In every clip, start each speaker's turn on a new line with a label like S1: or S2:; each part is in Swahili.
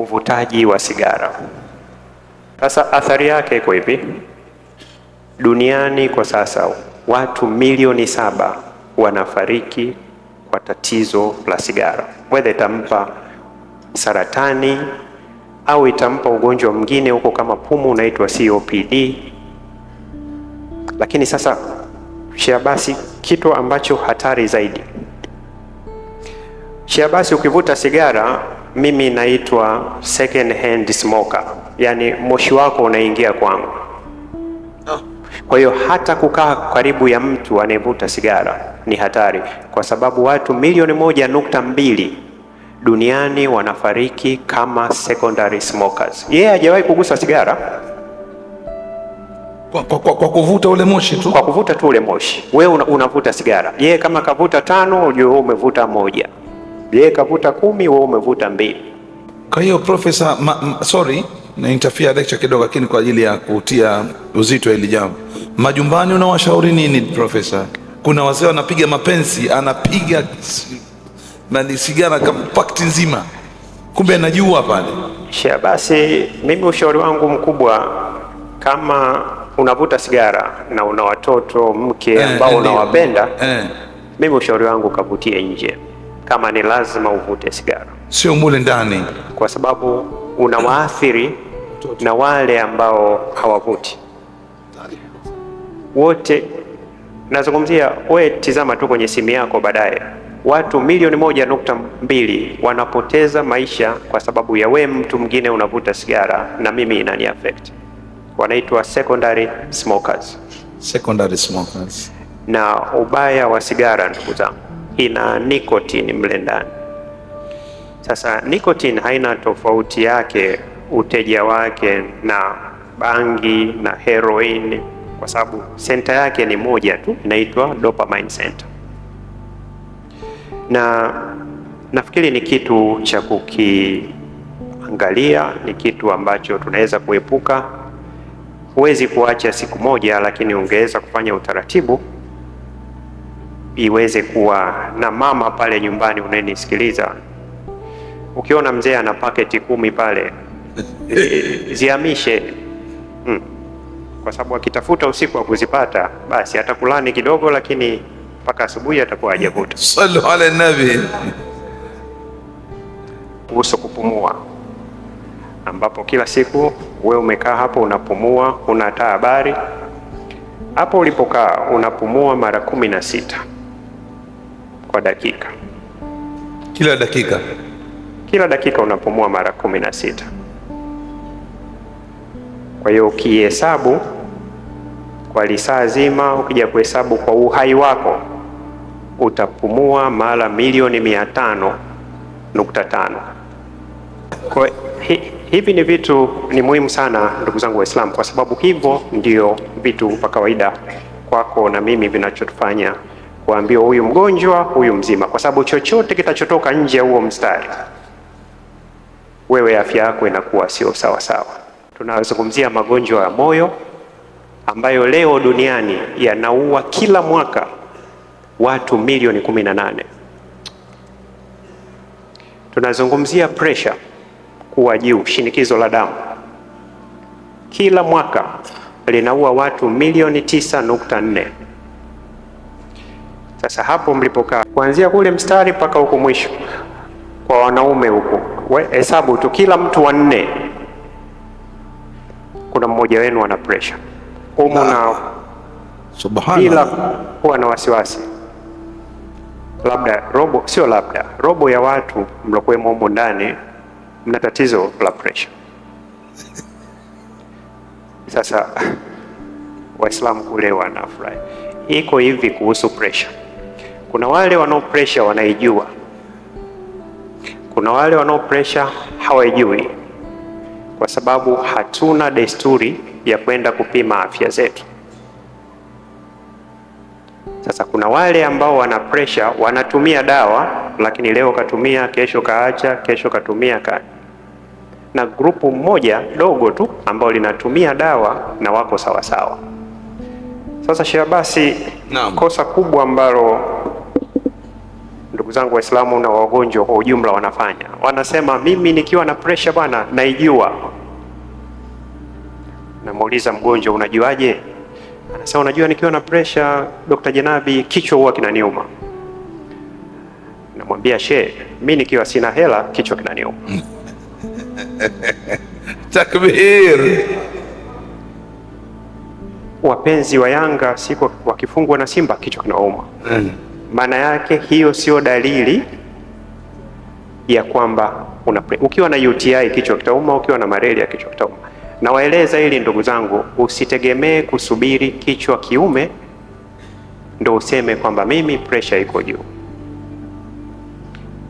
S1: uvutaji wa sigara. Sasa athari yake iko hivi, duniani kwa sasa watu milioni saba wanafariki kwa tatizo la sigara, wedha itampa saratani au itampa ugonjwa mwingine huko kama pumu unaitwa COPD. Lakini sasa shia basi kitu ambacho hatari zaidi, shia basi ukivuta sigara mimi naitwa second hand smoker, yani moshi wako unaingia kwangu. Ah. Kwa hiyo hata kukaa karibu ya mtu anayevuta sigara ni hatari, kwa sababu watu milioni moja nukta mbili duniani wanafariki kama secondary smokers. Yeye yeah, hajawahi kugusa sigara
S2: kwa, kwa, kwa, kwa kuvuta ule moshi tu,
S1: kwa kuvuta tu ule moshi. Wewe unavuta sigara, yeye yeah, kama kavuta tano, ujue umevuta moja yeye kavuta kumi, wewe umevuta mbili.
S2: Kwa hiyo profesa, sorry na interfere lecture kidogo, lakini kwa ajili ya kutia uzito hili jambo, majumbani unawashauri nini profesa? Kuna wazee wanapiga mapenzi, anapiga na sigara pakti nzima, kumbe anajua pale.
S1: Basi mimi ushauri wangu mkubwa, kama unavuta sigara na una watoto, mke eh, ambao eh, unawapenda eh, mimi ushauri wangu kavutie nje kama ni lazima uvute sigara,
S2: sio mule ndani,
S1: kwa sababu unawaathiri na wale ambao hawavuti wote. Nazungumzia we, tizama tu kwenye simu yako baadaye, watu milioni moja nukta mbili wanapoteza maisha kwa sababu ya we mtu mwingine unavuta sigara na mimi inani affect. Wanaitwa secondary smokers.
S2: Secondary smokers.
S1: Na ubaya wa sigara ndugu zangu ina nikotini mle ndani. Sasa nikotini haina tofauti yake uteja wake na bangi na heroin kwa sababu senta yake ni moja tu, inaitwa dopamine center, na nafikiri ni kitu cha kukiangalia, ni kitu ambacho tunaweza kuepuka. Huwezi kuacha siku moja, lakini ungeweza kufanya utaratibu iweze kuwa na mama pale nyumbani unayenisikiliza, ukiona mzee ana paketi kumi pale ziamishe hmm. Kwa sababu akitafuta usiku wa kuzipata basi atakulani kidogo, lakini mpaka asubuhi atakuwa hajakuta.
S2: Sallu ala nabi.
S1: Kuhusu kupumua, ambapo kila siku wewe umekaa hapo unapumua, una taa habari hapo ulipokaa unapumua mara kumi na sita kwa dakika,
S2: kila dakika,
S1: kila dakika unapumua mara kumi na sita. Kwa hiyo ukihesabu kwa lisaa zima, ukija kuhesabu kwa uhai wako utapumua mara milioni mia tano nukta tano. Kwa hivi ni vitu ni muhimu sana ndugu zangu Waislamu, kwa sababu hivyo ndio vitu vya kawaida kwako na mimi vinachotufanya waambiwa huyu mgonjwa, huyu mzima, kwa sababu chochote kitachotoka nje ya huo mstari, wewe afya yako inakuwa sio sawa sawa. Tunazungumzia magonjwa ya moyo ambayo leo duniani yanaua kila mwaka watu milioni nane. Tunazungumzia pressure kuwa juu, shinikizo la damu kila mwaka linaua watu milioni 9.4. Sasa hapo mlipokaa kuanzia kule mstari mpaka huko mwisho, kwa wanaume huko, hesabu tu, kila mtu wanne, kuna mmoja wenu ana pressure humu na subhana, bila kuwa na wasiwasi labda robo, sio labda robo ya watu mlokuwemo humo ndani mna tatizo la pressure. Sasa Waislamu kule wanafurahi. Iko hivi kuhusu pressure. Kuna wale wanao pressure wanaijua, kuna wale wanao pressure hawaijui, kwa sababu hatuna desturi ya kwenda kupima afya zetu. Sasa kuna wale ambao wana pressure wanatumia dawa, lakini leo katumia, kesho kaacha, kesho katumia ka na grupu moja dogo tu ambao linatumia dawa na wako sawasawa sawa. Sasa Sheh Abbas, kosa kubwa ambalo ndugu zangu Waislamu na wagonjwa kwa ujumla wanafanya. Wanasema mimi nikiwa na presha bwana naijua. Namuuliza mgonjwa, unajuaje? Anasema unajua, nikiwa na presha Dr. Janabi, kichwa huwa kinaniuma. Namwambia she, mi nikiwa sina hela kichwa kinaniuma.
S2: Takbir!
S1: Wapenzi wa Yanga siku wakifungwa na Simba kichwa kinauma. Mm maana yake hiyo sio dalili ya kwamba una ukiwa na UTI kichwa kitauma, ukiwa na malaria kichwa kitauma. Nawaeleza hili ndugu zangu, usitegemee kusubiri kichwa kiume ndo useme kwamba mimi pressure iko juu.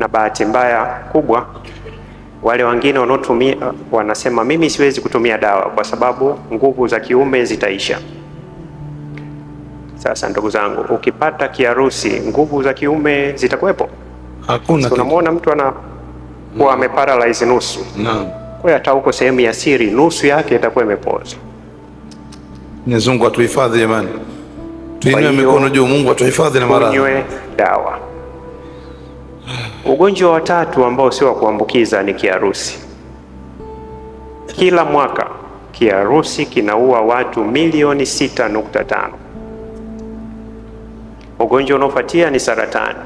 S1: Na bahati mbaya kubwa, wale wengine wanaotumia wanasema mimi siwezi kutumia dawa kwa sababu nguvu za kiume zitaisha. Sasa ndugu zangu, ukipata kiharusi nguvu za kiume zitakuwepo? Hakuna. Unamwona mtu anakuwa mm. ameparalyze nusu, naam. Kwa hata huko sehemu ya siri nusu yake itakuwa imepoza.
S2: Mwenyezi Mungu atuhifadhi jamani, tuinue mikono juu. Mungu atuhifadhi na maradhi,
S1: unywe dawa. Ugonjwa wa tatu ambao sio wa kuambukiza ni kiharusi. Kila mwaka kiharusi kinaua watu milioni 6.5. Ugonjwa unaofuatia ni saratani.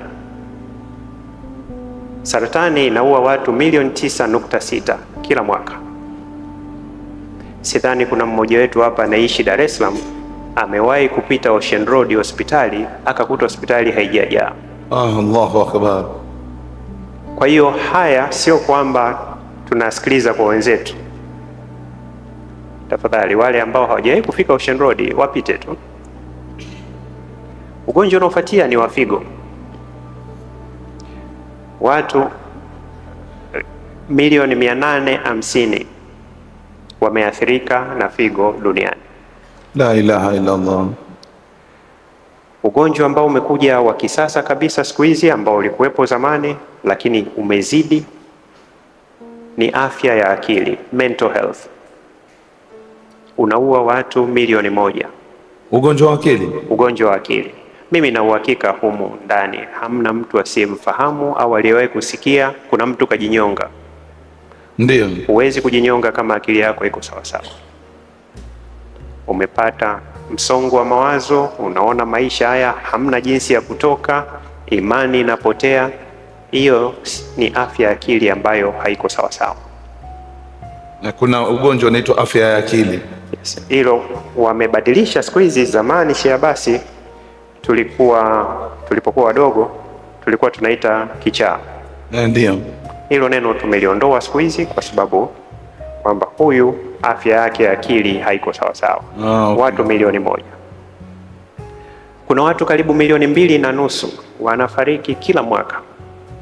S1: Saratani inaua watu milioni nukta sita kila mwaka. Sidhani kuna mmoja wetu hapa anaishi Dar es Salaam amewahi kupita Ocean Road hospitali akakuta hospitali haijajaa.
S2: Ah, Allahu akbar.
S1: Kwa hiyo haya sio kwamba tunasikiliza kwa wenzetu. Tafadhali wale ambao hawajawahi kufika Ocean Road wapite tu. Ugonjwa unaofuatia ni wa figo. Watu milioni mia nane hamsini wameathirika na figo duniani.
S2: La ilaha illa Allah.
S1: Ugonjwa ambao umekuja wa kisasa kabisa siku hizi ambao ulikuwepo zamani lakini umezidi ni afya ya akili, mental health. Unaua watu milioni moja.
S2: Ugonjwa wa akili,
S1: ugonjwa wa akili. Mimi na uhakika humu ndani hamna mtu asiyemfahamu au aliyewahi kusikia kuna mtu kajinyonga. Ndio, huwezi kujinyonga kama akili yako iko sawasawa. Umepata msongo wa mawazo, unaona maisha haya hamna jinsi ya kutoka, imani inapotea. Hiyo ni afya ya akili ambayo haiko sawasawa,
S2: na kuna ugonjwa unaitwa afya ya akili
S1: hilo. Yes, wamebadilisha siku hizi. Zamani shia basi tulikuwa tulipokuwa wadogo tulikuwa tunaita kichaa. Ndio hilo neno tumeliondoa siku hizi kwa sababu kwamba huyu afya yake ya akili haiko sawasawa. Oh, ah, okay. Watu milioni moja, kuna watu karibu milioni mbili na nusu wanafariki kila mwaka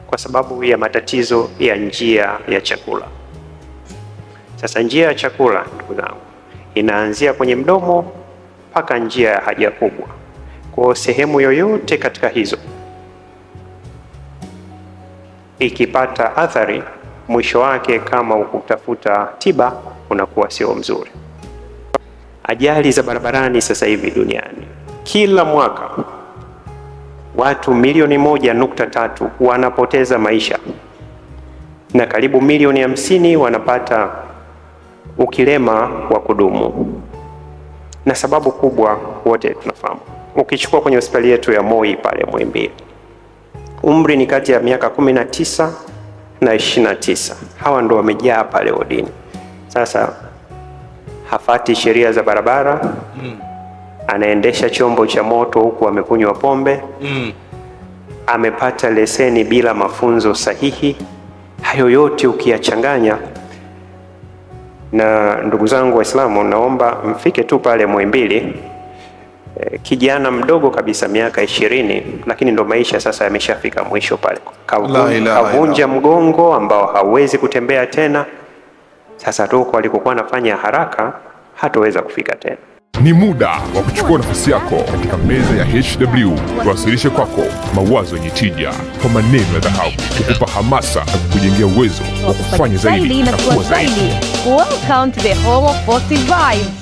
S1: kwa sababu ya matatizo ya njia ya chakula. Sasa njia ya chakula, ndugu zangu, inaanzia kwenye mdomo mpaka njia ya haja kubwa. Kwa sehemu yoyote katika hizo ikipata athari, mwisho wake kama ukutafuta tiba unakuwa sio mzuri. Ajali za barabarani sasa hivi duniani kila mwaka watu milioni moja nukta tatu wanapoteza maisha na karibu milioni hamsini wanapata ukilema wa kudumu, na sababu kubwa wote tunafahamu ukichukua kwenye hospitali yetu ya Moi pale Muhimbili, umri ni kati ya miaka kumi na tisa na ishirini na tisa. Hawa ndo wamejaa pale wodini. Sasa hafati sheria za barabara mm. Anaendesha chombo cha moto huku amekunywa pombe mm. Amepata leseni bila mafunzo sahihi. Hayo yote ukiyachanganya, na ndugu zangu Waislamu, naomba mfike tu pale Muhimbili Eh, kijana mdogo kabisa miaka ishirini, lakini ndo maisha sasa yameshafika mwisho pale. Kavunja mgongo ambao hawezi kutembea tena. Sasa huko alikokuwa anafanya haraka hatoweza kufika tena. Ni muda wa kuchukua nafasi yako katika meza ya HW, tuwasilishe kwako mawazo yenye tija kwa maneno ya dhahabu, kukupa hamasa na kukujengea uwezo wa kufanya zaidi na kuwa zaidi. Welcome to the home of positive vibes.